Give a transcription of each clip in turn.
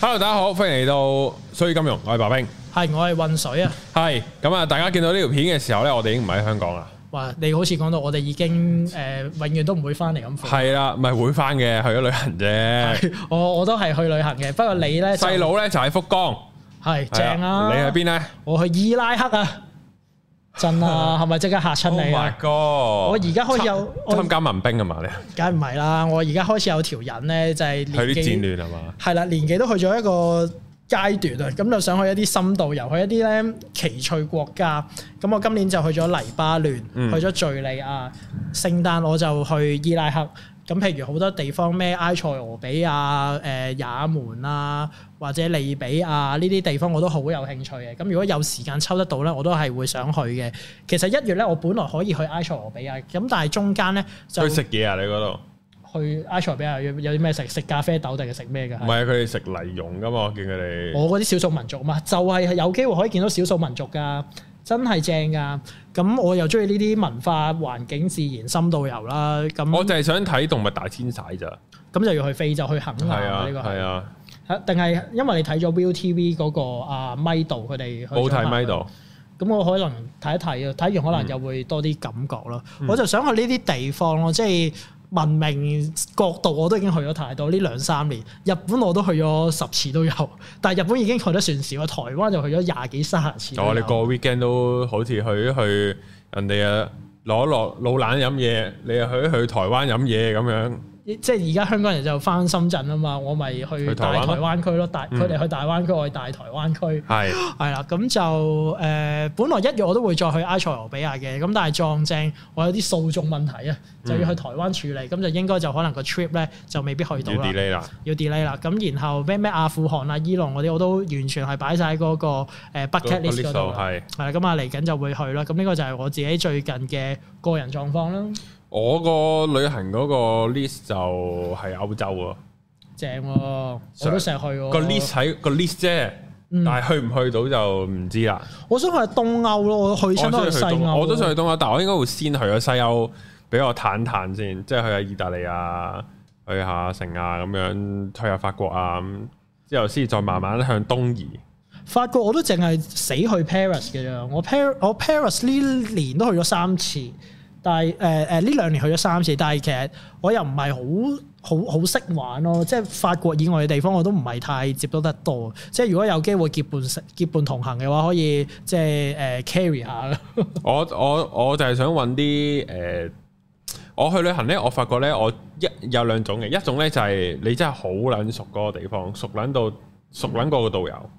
hello，大家好，歡迎嚟到水與金融，我係白兵，係我係渾水啊，係咁啊，大家見到呢條片嘅時候咧，我哋已經唔喺香港啦。話你好似講到我哋已經誒、呃，永遠都唔會翻嚟咁。係啦，唔係會翻嘅，去咗旅行啫。我我都係去旅行嘅，不過你咧細佬咧就喺、就是、福岡，係是的正啊。你喺邊咧？我去伊拉克啊。真啦、啊，係咪即刻嚇親你、啊？哥，oh、my 我而家開始有參,參加民兵係嘛你？梗唔係啦，我而家開始有條人咧，就係去啲戰亂係嘛？係啦，年紀都去咗一個階段啊，咁就想去一啲深度遊，去一啲咧奇趣國家。咁我今年就去咗黎巴嫩，去咗敘利亞。嗯、聖誕我就去伊拉克。咁譬如好多地方咩埃塞俄比亞、誒也門啊，或者利比亞呢啲地方我都好有興趣嘅。咁如果有時間抽得到咧，我都係會想去嘅。其實一月咧，我本來可以去埃塞俄比亞，咁但係中間咧就去食嘢啊。你嗰度去埃塞俄比亞？有啲咩食？食咖啡豆定係食咩噶？唔係啊！佢哋食泥蓉噶嘛，我見佢哋。我嗰啲少數民族嘛，就係有機會可以見到少數民族噶，真係正噶。咁我又中意呢啲文化環境自然深度遊啦。咁我就係想睇動物大遷徙咋，咁就要去非洲去行啦。呢個，係啊，定係因為你睇咗 ViuTV 嗰個啊咪度佢哋，冇睇咪度，咁我可能睇一睇啊，睇完可能又會多啲感覺咯。嗯、我就想去呢啲地方咯，即係。文明角度我都已經去咗太多，呢兩三年日本我都去咗十次都有，但係日本已經去得算少，台灣就去咗廿幾三十次。我哋個 weekend 都好似去去人哋啊攞落，落老蘭飲嘢，你又去去台灣飲嘢咁樣。即係而家香港人就翻深圳啊嘛，我咪去大台灣區咯，大佢哋去大灣區，我去大台灣區。係係啦，咁就誒，本來一月我都會再去埃塞俄比亞嘅，咁但係撞正我有啲訴訟問題啊，就要去台灣處理，咁就應該就可能個 trip 咧就未必去到啦。要 delay 啦，要 delay 啦。咁然後咩咩阿富汗啊、伊朗嗰啲，我都完全係擺曬嗰個 bucket list 度，係係啦。咁啊，嚟緊就會去啦。咁呢個就係我自己最近嘅個人狀況啦。我個旅行嗰個 list 就係歐洲啊，正，我都成日去個 list 喺、嗰個 list 啫、那個，但係去唔去到就唔知啦。嗯、我想去東歐咯，我去親都係西歐，我都想去東歐，但係我應該會先去咗西歐，畀我嘆嘆先，即係去下意大利啊，去下城啊咁樣，去下法國啊，之後先再慢慢向東移。法國我都淨係死去 Paris 嘅啫，我 Paris 我 Paris 呢年都去咗三次。但係誒誒呢兩年去咗三次，但係其實我又唔係好好好識玩咯，即係法國以外嘅地方我都唔係太接到得得多。即係如果有機會結伴結伴同行嘅話，可以即係誒 carry 下 我我我就係想揾啲誒，我去旅行咧，我發覺咧，我一有兩種嘅一種咧就係、是、你真係好撚熟嗰個地方，熟撚到熟撚過個導遊。嗯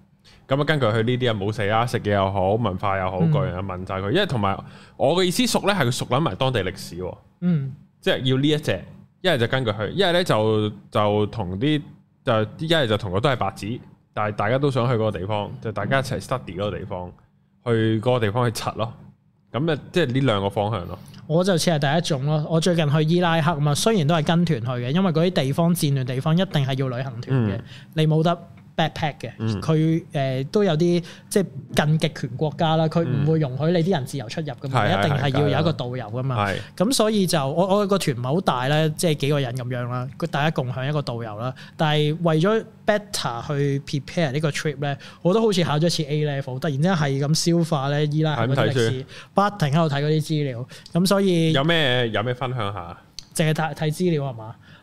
咁啊，根據佢呢啲啊冇死啦，食嘢又好，文化又好，各、嗯、人又問晒佢，因為同埋我嘅意思熟咧，係佢熟諗埋當地歷史，嗯即，即係要呢一隻，一係就根據佢，呢一係咧就就同啲就一係就同佢都係白紙，但係大家都想去嗰個地方，嗯、就大家一齊 study 嗰個地方，去嗰個地方去查咯，咁啊，即係呢兩個方向咯。我就似係第一種咯，我最近去伊拉克嘛，雖然都係跟團去嘅，因為嗰啲地方戰亂地方一定係要旅行團嘅，嗯、你冇得。backpack 嘅，佢誒、嗯呃、都有啲即係近極權國家啦，佢唔會容許你啲人自由出入噶嘛，嗯、一定係要有一個導遊噶嘛。咁所以就我我個團唔係好大咧，即係幾個人咁樣啦，大家共享一個導遊啦。但係為咗 better 去 prepare 呢個 trip 咧，我都好似考咗一次 A level，突然之間係咁消化咧伊拉克歷史，看不，看不停喺度睇嗰啲資料。咁所以有咩有咩分享下？淨係睇睇資料係嘛？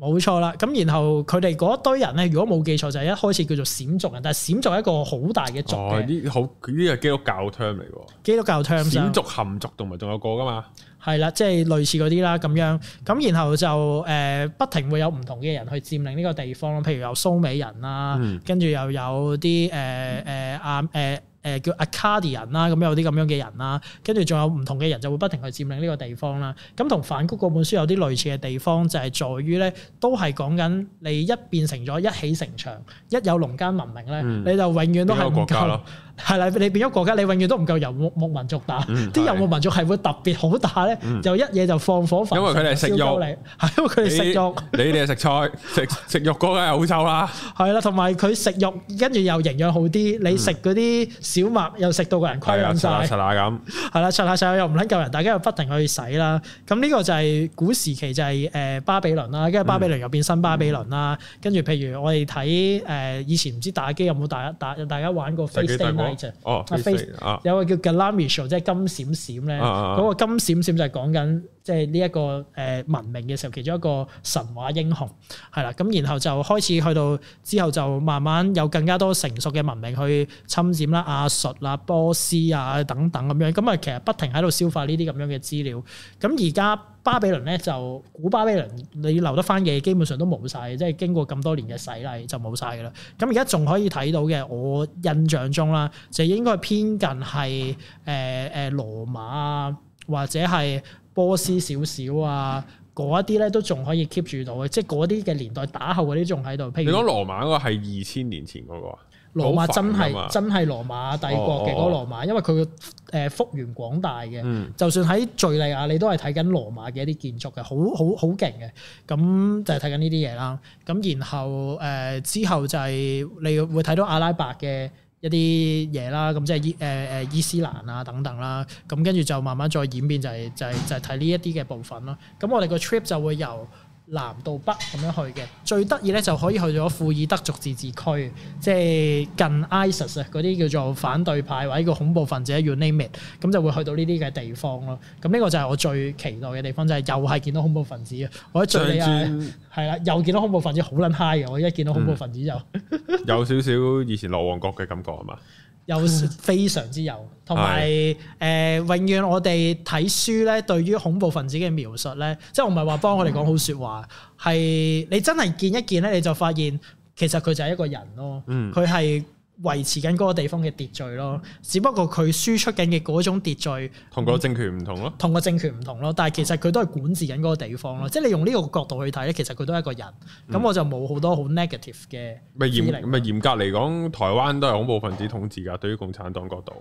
冇錯啦，咁然後佢哋嗰一堆人咧，如果冇記錯就係、是、一開始叫做閃族人，但係閃族係一個好大嘅族嘅。好、哦，呢個基督教 term 嚟喎。基督教 term 啊、so。閃族、含族同埋仲有個㗎嘛？係啦，即、就、係、是、類似嗰啲啦，咁樣咁，然後就誒、呃、不停會有唔同嘅人去佔領呢個地方，譬如有蘇美人啦，跟住、嗯、又有啲誒誒阿誒。呃呃呃呃誒叫阿卡迪人啦，咁有啲咁樣嘅人啦，跟住仲有唔同嘅人就會不停去佔領呢個地方啦。咁同反穀嗰本書有啲類似嘅地方，就係、是、在於咧，都係講緊你一變成咗一起城牆，一有農耕文明咧，嗯、你就永遠都係冇國家咯。係啦，你變咗國家，你永遠都唔夠遊牧民族打，啲遊牧民族係會特別好打咧。就一嘢就放火焚燒你。因為佢哋食肉，你你哋食菜食食肉，嗰個又好臭啦。係啦，同埋佢食肉，跟住又營養好啲。你食嗰啲小麥，又食到個人虧晒，石乸咁。係啦，上下上下又唔捻夠人，大家又不停去洗啦。咁呢個就係古時期就係誒巴比倫啦，跟住巴比倫又變新巴比倫啦。跟住譬如我哋睇誒以前唔知打機有冇打打，大家玩過。哦，有個叫 Gilgamesh，即係金閃閃咧。嗰、那個金閃閃就係講緊即係呢一個誒文明嘅時候，其中一個神話英雄係啦。咁然後就開始去到之後，就慢慢有更加多成熟嘅文明去侵佔啦，亞、啊、述啊、波斯啊等等咁樣。咁啊，其實不停喺度消化呢啲咁樣嘅資料。咁而家。巴比倫咧，就古巴比倫，你留得翻嘅基本上都冇晒，即係經過咁多年嘅洗禮就冇晒噶啦。咁而家仲可以睇到嘅，我印象中啦，就應該偏近係誒誒羅馬或者係波斯少少啊，嗰一啲咧都仲可以 keep 住到嘅，即係嗰啲嘅年代打後嗰啲仲喺度。譬如你講羅馬嗰個係二千年前嗰個。羅馬真係真係羅馬帝國嘅嗰個羅馬，哦、因為佢嘅誒幅員廣大嘅，嗯、就算喺敍利亞你都係睇緊羅馬嘅一啲建築嘅，好好好勁嘅。咁就係睇緊呢啲嘢啦。咁然後誒、呃、之後就係你會睇到阿拉伯嘅一啲嘢啦，咁即係伊誒誒、呃、伊斯蘭啊等等啦。咁跟住就慢慢再演變就係、是、就係、是、就係睇呢一啲嘅部分咯。咁我哋個 trip 就會由南到北咁樣去嘅，最得意咧就可以去到庫爾德族自治區，即係近 ISIS 啊嗰啲叫做反對派或者個恐怖分子 you name it，咁就會去到呢啲嘅地方咯。咁呢個就係我最期待嘅地方，就係、是、又係見到恐怖分子啊！我喺敘利亞係啦，又見到恐怖分子，好撚 high 嘅！我一見到恐怖分子就 ，有少少以前羅旺國嘅感覺係嘛～有非常之有，同埋誒，永遠我哋睇書咧，對於恐怖分子嘅描述咧，即係我唔係話幫佢哋講好説話，係、嗯、你真係見一見咧，你就發現其實佢就係一個人咯，佢係、嗯。維持緊嗰個地方嘅秩序咯，只不過佢輸出緊嘅嗰種秩序同個政權唔同咯，同個政權唔同咯，但係其實佢都係管治緊嗰個地方咯。嗯、即係你用呢個角度去睇咧，其實佢都係一個人。咁、嗯、我就冇好多好 negative 嘅。咪嚴嚴格嚟講，台灣都係恐怖分子統治㗎。對於共產黨角度。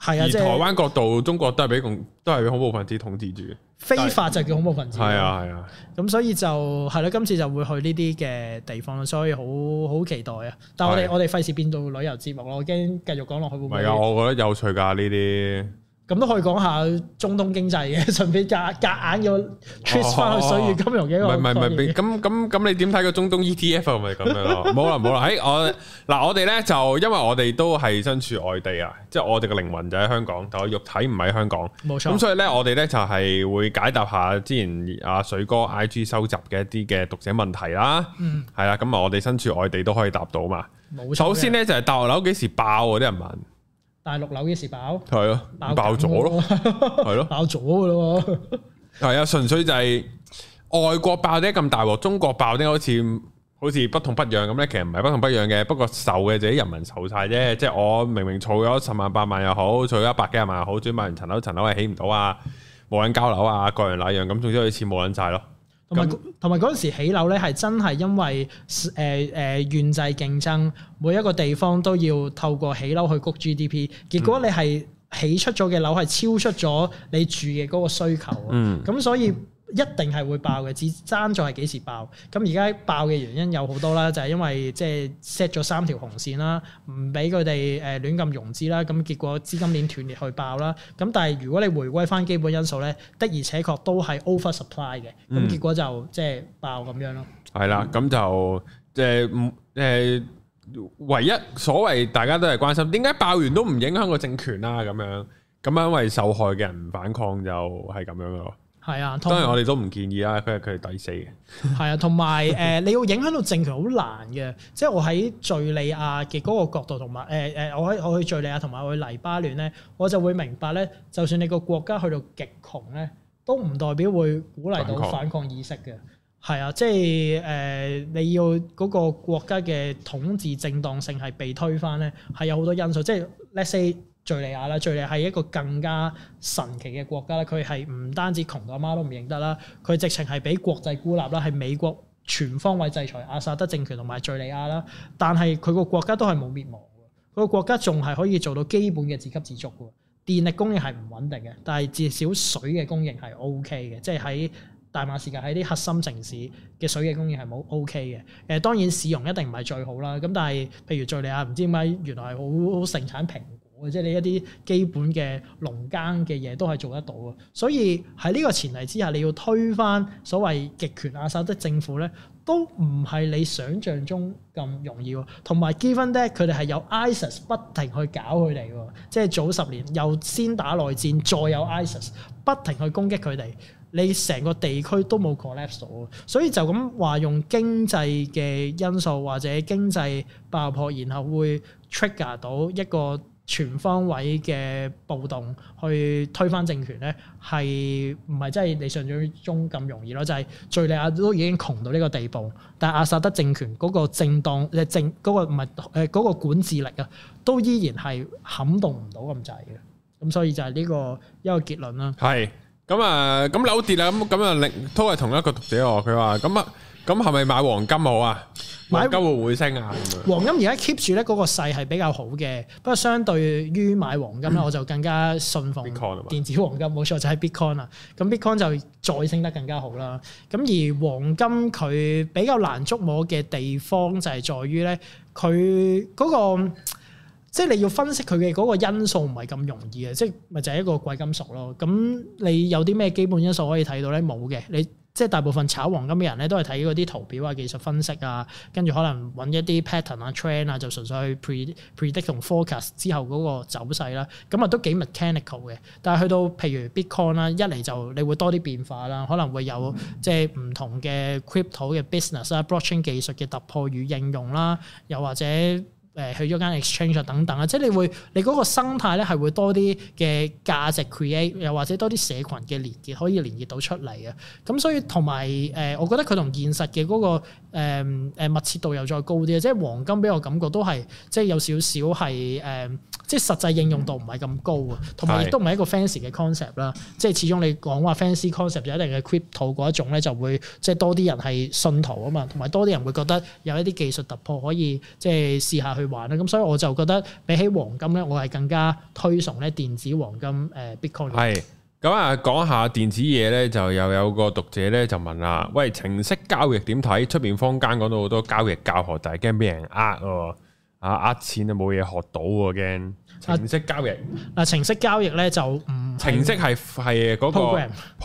係啊，即、就是、台灣角度，中國都係俾共，都係俾恐怖分子統治住。非法就叫恐怖分子。係啊係啊，咁所以就係啦，今、啊、次就會去呢啲嘅地方，所以好好期待啊！但係我哋我哋費事變到旅遊節目咯，我驚繼續講落去會唔會？唔係啊，我覺得有趣噶呢啲。咁都可以講下中東經濟嘅，順便夾夾硬要 trace 翻去水與金融嘅一個唔係唔係唔係，咁咁咁，嗯、你點睇個中東 ETF 係咪咁樣咯？冇啦冇啦，喺、欸、我嗱我哋咧就因為我哋都係身處外地啊，即、就、係、是、我哋嘅靈魂就喺香港，但我肉體唔喺香港。冇錯。咁所以咧，我哋咧就係會解答下之前阿水哥 IG 收集嘅一啲嘅讀者問題啦。嗯。係啦，咁啊，我哋身處外地都可以答到嘛。冇錯。首先咧就係大陸樓幾時爆啊？啲人問。大陸樓幾時爆，係啊了，爆咗咯，係咯 了啦 了，爆咗嘅咯，係啊，純粹就係外國爆啲咁大鑊，中國爆啲好似好似不痛不癢咁咧。其實唔係不痛不癢嘅，不過受嘅就係人民受晒啫。即係我明明儲咗十萬八萬又好，儲咗一百幾萬又好，轉買完層樓層樓係起唔到啊，冇人交樓啊，各樣那樣咁，總之好似冇人曬咯。同埋同埋嗰陣時起樓咧，係真係因為誒誒縣制競爭，每一個地方都要透過起樓去谷 GDP，結果你係起出咗嘅樓係超出咗你住嘅嗰個需求，咁、嗯、所以。一定係會爆嘅，只爭在係幾時爆。咁而家爆嘅原因有好多啦，就係、係、因為即係 set 咗三條紅線啦，唔俾佢哋誒亂咁融資啦，咁結果資金鏈斷裂去爆啦。咁但係如果你回歸翻基本因素咧，的而且確都係 over supply 嘅，咁、嗯、結果就即係爆咁樣咯。係啦，咁就誒唔誒，唯一所謂大家都係關心點解爆完都唔影響個政權啦、啊，咁樣咁因為受害嘅人唔反抗就係咁樣咯。係啊，當然我哋都唔建議啦，佢係佢係抵死嘅。係 啊，同埋誒你要影響到政權好難嘅，即係我喺敍利亞嘅嗰個角度，同埋誒誒我喺我去敍利亞同埋我去黎巴嫩咧，我就會明白咧，就算你個國家去到極窮咧，都唔代表會鼓勵到反抗意識嘅。係抗啊，即係誒、呃、你要嗰個國家嘅統治正當性係被推翻咧，係有好多因素，即係 let's say。敍利亞啦，敍利亞係一個更加神奇嘅國家啦。佢係唔單止窮到阿媽都唔認得啦，佢直情係俾國際孤立啦，係美國全方位制裁阿薩德政權同埋敍利亞啦。但係佢個國家都係冇滅亡，佢個國家仲係可以做到基本嘅自給自足嘅。電力供應係唔穩定嘅，但係至少水嘅供應係 OK 嘅，即係喺大馬士革，喺啲核心城市嘅水嘅供應係冇 OK 嘅。誒、呃、當然市容一定唔係最好啦。咁但係譬如敍利亞唔知點解原來係好好盛產平。或者你一啲基本嘅農耕嘅嘢都係做得到嘅，所以喺呢個前提之下，你要推翻所謂極權阿薩德政府咧，都唔係你想象中咁容易。同埋 given that，佢哋係有 ISIS 不停去搞佢哋，即係早十年又先打內戰，再有 ISIS 不停去攻擊佢哋，你成個地區都冇 collapse 到。所以就咁話用經濟嘅因素或者經濟爆破，然後會 trigger 到一個。全方位嘅暴動去推翻政權咧，係唔係真係你想象中咁容易咯？就係、是、敘利亞都已經窮到呢個地步，但係阿薩德政權嗰個正當誒政嗰個唔係誒嗰個管治力啊，都依然係撼動唔到咁滯嘅。咁所以就係呢、這個一、這個結論啦。係咁啊，咁扭跌啊，咁咁啊，另都係同一個讀者喎，佢話咁啊。咁係咪買黃金好啊？買金會唔會升啊？黃金而家 keep 住咧，嗰個勢係比較好嘅，不過相對於買黃金咧，嗯、我就更加信奉電子黃金，冇錯、嗯、就係、是、bitcoin 啊。咁 bitcoin 就再升得更加好啦。咁而黃金佢比較難捉摸嘅地方就係在於咧，佢嗰、那個即係、就是、你要分析佢嘅嗰個因素唔係咁容易嘅，即係咪就係、是、一個貴金屬咯？咁你有啲咩基本因素可以睇到咧？冇嘅，你。即係大部分炒黃金嘅人咧，都係睇嗰啲圖表啊、技術分析啊，跟住可能揾一啲 pattern 啊、train 啊，就純粹去 predict 同 forecast 之後嗰個走勢啦。咁啊都幾 mechanical 嘅。但係去到譬如 Bitcoin 啦，一嚟就你會多啲變化啦，可能會有即係唔同嘅 crypto 嘅 business 啦、Blockchain 技術嘅突破與應用啦，又或者。誒去咗間 exchange 等等啊，即係你會你嗰個生態咧係會多啲嘅價值 create，又或者多啲社群嘅連結可以連結到出嚟嘅，咁所以同埋誒，我覺得佢同現實嘅嗰、嗰個誒誒、呃、密切度又再高啲，即係黃金俾我感覺都係即係有少少係誒。呃即係實際應用度唔係咁高啊，同埋亦都唔係一個 fancy 嘅 concept 啦。即係始終你講話 fancy concept 就一定係 crypto 嗰一種咧，就會即係多啲人係信徒啊嘛，同埋多啲人會覺得有一啲技術突破可以即係試下去玩啦。咁所以我就覺得比起黃金咧，我係更加推崇咧電子黃金誒 Bitcoin。係咁啊，講下電子嘢咧，就又有個讀者咧就問啦，喂，程式交易點睇？出面坊間講到好多交易教學，但係驚俾人呃喎。啊！呃錢就冇嘢學到喎，驚程式交易嗱、呃呃、程式交易咧就程式係係嗰個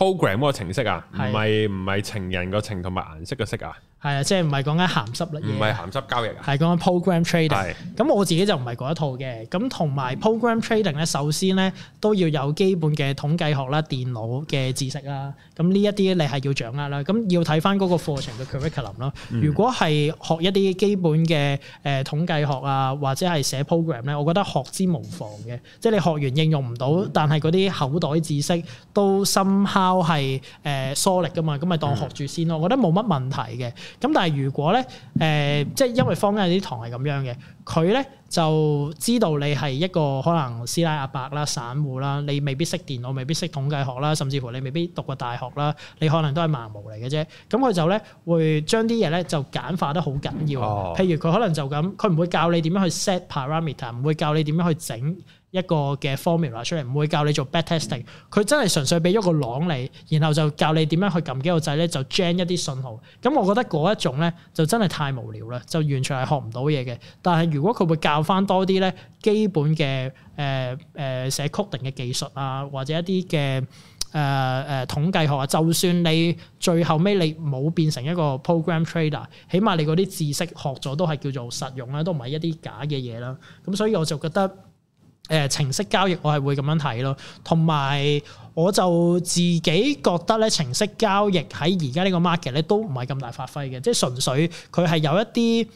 program 嗰個程式啊，唔係唔係情人個情同埋顏色嘅色啊。係啊，即係唔係講緊鹹濕咧？唔係鹹濕交易啊，係講緊 program trading 是。咁，我自己就唔係嗰一套嘅。咁同埋 program trading 咧，首先咧都要有基本嘅統計學啦、電腦嘅知識啦。咁呢一啲你係要掌握啦。咁要睇翻嗰個課程嘅 curriculum 咯。如果係學一啲基本嘅誒統計學啊，或者係寫 program 咧，我覺得學之無妨嘅。即係你學完應用唔到，但係嗰啲口袋知識都 somehow 係疏力㗎嘛。咁咪當學住先咯。我覺得冇乜問題嘅。咁但係如果咧，誒、呃，即係因為坊間有啲堂係咁樣嘅，佢咧就知道你係一個可能師奶阿伯啦、散戶啦，你未必識電腦，未必識統計學啦，甚至乎你未必讀過大學啦，你可能都係盲毛嚟嘅啫。咁佢就咧會將啲嘢咧就簡化得好緊要。哦、譬如佢可能就咁，佢唔會教你點樣去 set parameter，唔會教你點樣去整。一個嘅 formula 出嚟，唔會教你做 backtesting，佢真係純粹俾咗個籠你，然後就教你點樣去撳幾個掣咧，就 gen 一啲信號。咁我覺得嗰一種咧，就真係太無聊啦，就完全係學唔到嘢嘅。但係如果佢會教翻多啲咧，基本嘅誒誒寫 coding 嘅技術啊，或者一啲嘅誒誒統計學啊，就算你最後尾你冇變成一個 program trader，起碼你嗰啲知識學咗都係叫做實用啦，都唔係一啲假嘅嘢啦。咁所以我就覺得。誒、呃、程式交易我係會咁樣睇咯，同埋我就自己覺得咧，程式交易喺而家呢個 market 咧都唔係咁大發揮嘅，即係純粹佢係有一啲。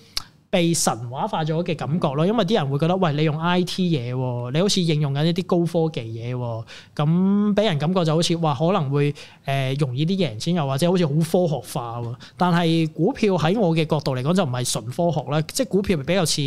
被神話化咗嘅感覺咯，因為啲人會覺得，喂，你用 I.T 嘢，你好似應用緊一啲高科技嘢，咁俾人感覺就好似話可能會誒容易啲贏錢，又或者好似好科學化。但係股票喺我嘅角度嚟講，就唔係純科學啦，即係股票比較似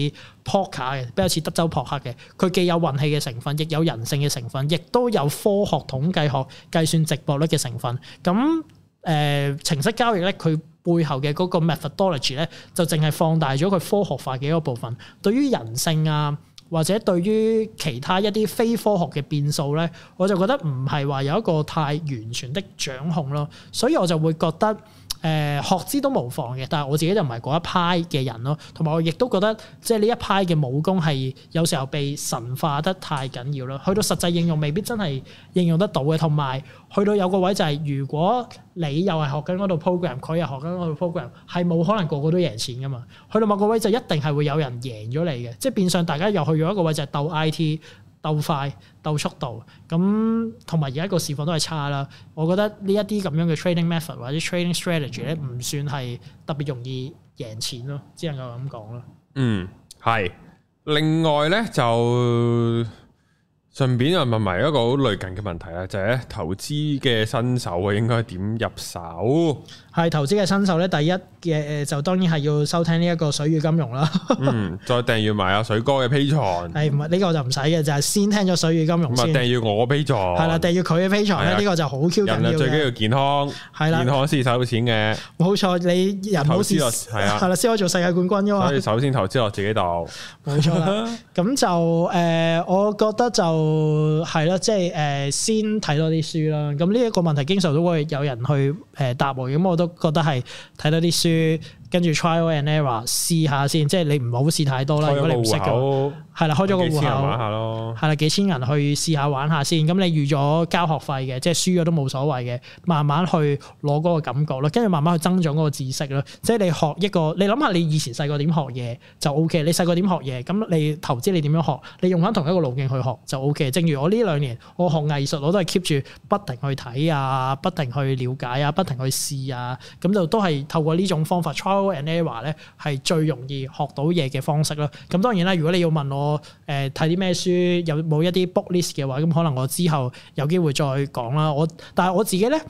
Poker 嘅，比較似德州撲克嘅。佢既有運氣嘅成分，亦有人性嘅成分，亦都有科學統計學計算值博率嘅成分。咁誒、呃、程式交易咧，佢。背後嘅嗰個 methodology 咧，就淨係放大咗佢科學化嘅一個部分。對於人性啊，或者對於其他一啲非科學嘅變數咧，我就覺得唔係話有一個太完全的掌控咯。所以我就會覺得。誒學知都無妨嘅，但係我自己就唔係嗰一派嘅人咯。同埋我亦都覺得，即係呢一派嘅武功係有時候被神化得太緊要啦。去到實際應用，未必真係應用得到嘅。同埋去到有個位就係、是，如果你又係學緊嗰度 program，佢又學緊嗰度 program，係冇可能個個都贏錢㗎嘛。去到某個位就一定係會有人贏咗你嘅，即係變相大家又去咗一個位就係鬥 IT。鬥快鬥速度，咁同埋而家個市況都係差啦。我覺得呢一啲咁樣嘅 trading method 或者 trading strategy 咧，唔算係特別容易贏錢咯，嗯、只能夠咁講咯。嗯，係。另外咧就。順便又問埋一個好類近嘅問題啦，就係咧，投資嘅新手啊，應該點入手？係投資嘅新手咧，第一嘅誒，就當然係要收聽呢一個水與金融啦。再訂閱埋阿水哥嘅 Patreon。係唔係呢個就唔使嘅？就係先聽咗水與金融先。唔係訂閱我嘅 Patreon。係啦，訂閱佢嘅 Patreon 呢個就好 Q 緊要嘅。人，最緊要健康。係啦，健康先收錢嘅。冇錯，你人冇先。投資係啦，先可以做世界冠軍噶嘛。所以首先投資落自己度，冇錯，咁就誒，我覺得就。哦，係咯，即係誒、呃，先睇多啲書啦。咁呢一個問題經常都會有人去誒、呃、答我，咁我都覺得係睇多啲書。跟住 trial and error 試下先，即係你唔好試太多啦。開個戶口係啦，開咗個戶口，幾千人玩下咯。係啦，幾千人去試下玩下先。咁你預咗交學費嘅，即係輸咗都冇所謂嘅。慢慢去攞嗰個感覺咯，跟住慢慢去增長嗰個知識咯。即係你學一個，你諗下你以前細個點學嘢就 O K。你細個點學嘢，咁你投資你點樣學，你用返同一個路徑去學就 O K。正如我呢兩年我學藝術我都係 keep 住不停去睇啊，不停去了解啊，不停去試啊，咁就都係透過呢種方法 and era 咧係最容易學到嘢嘅方式啦。咁當然啦，如果你要問我誒睇啲咩書，有冇一啲 book list 嘅話，咁可能我之後有機會再講啦。我但係我自己咧，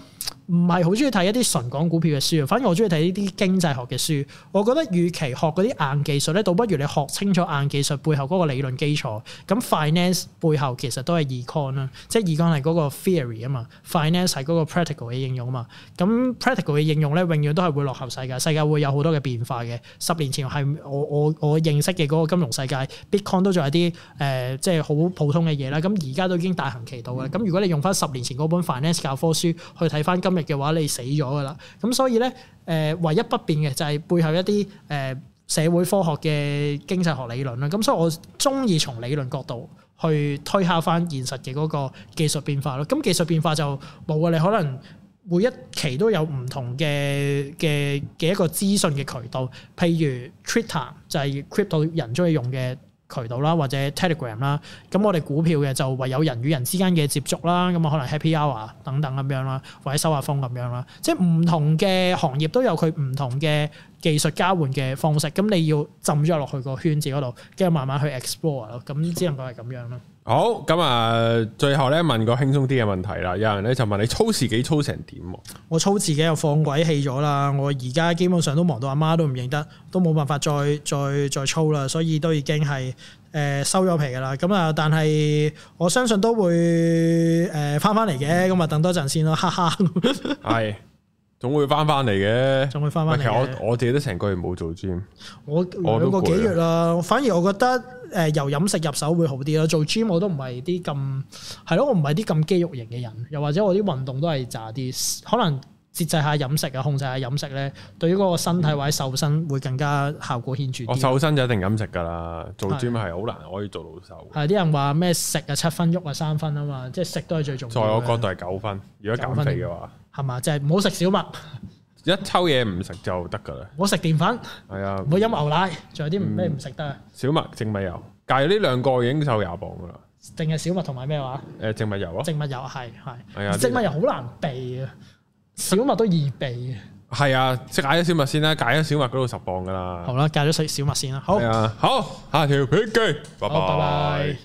唔係好中意睇一啲純講股票嘅書，反而我中意睇呢啲經濟學嘅書。我覺得，與其學嗰啲硬技術咧，倒不如你學清楚硬技術背後嗰個理論基礎。咁 finance 背後其實都係 econ 啦，即係 econ 係嗰個 theory 啊嘛，finance 係嗰個 practical 嘅應用啊嘛。咁 practical 嘅應用咧，永遠都係會落後世界，世界會有好多嘅變化嘅。十年前係我我我認識嘅嗰個金融世界，Bitcoin 都仲有啲誒即係好普通嘅嘢啦。咁而家都已經大行其道啦。咁、嗯、如果你用翻十年前嗰本 finance 教科書去睇翻今日。嘅話你死咗噶啦，咁所以呢，誒唯一不變嘅就係背後一啲誒、呃、社會科學嘅經濟學理論啦，咁、嗯、所以我中意從理論角度去推敲返現實嘅嗰個技術變化咯，咁、嗯、技術變化就冇啊，你可能每一期都有唔同嘅嘅嘅一個資訊嘅渠道，譬如 Twitter 就係 Crypto 人中意用嘅。渠道啦，或者 Telegram 啦，咁我哋股票嘅就唯有人與人之間嘅接觸啦，咁啊可能 Happy Hour 啊等等咁樣啦，或者收下風咁樣啦，即係唔同嘅行業都有佢唔同嘅。技術交換嘅方式，咁你要浸咗落去個圈子嗰度，跟住慢慢去 explore 咯。咁只能夠係咁樣咯。好，咁啊，最後咧問個輕鬆啲嘅問題啦。有人咧就問你操自己操成點？我操自己又放鬼氣咗啦！我而家基本上都忙到阿媽都唔認得，都冇辦法再再再操啦。所以都已經係誒收咗皮噶啦。咁啊，但係我相信都會誒翻翻嚟嘅。咁啊，等多陣先咯，哈哈。係。總會翻翻嚟嘅。總會翻翻嚟嘅。其實我我自己都成個月冇做 gym，我兩個幾月啦。反而我覺得，誒、呃，由飲食入手會好啲咯。做 gym 我都唔係啲咁，係咯，我唔係啲咁肌肉型嘅人，又或者我啲運動都係渣啲，可能。節制下飲食啊，控制下飲食咧，對於嗰個身體或者瘦身會更加效果顯著啲。我瘦身就一定飲食噶啦，做 gym 係好難可以做到瘦。係啲人話咩食啊七分，喐啊三分啊嘛，即係食都係最重要。在我角度係九分，如果減肥嘅話，係嘛？即係唔好食小麥，一抽嘢唔食就得噶啦。我食澱粉，係啊，唔好飲牛奶，仲有啲咩唔食得啊？小麥、植物油，但係呢兩個已經瘦廿磅噶啦。定係小麥同埋咩話？誒，植物油啊，植物油係係係啊，植物油好難避啊。小麥都易備嘅，係啊，即解咗小麥先啦，解咗小麥嗰度十磅噶啦。好啦，啊，解咗小小麥先啦。好，啊，好，下條片記，拜拜。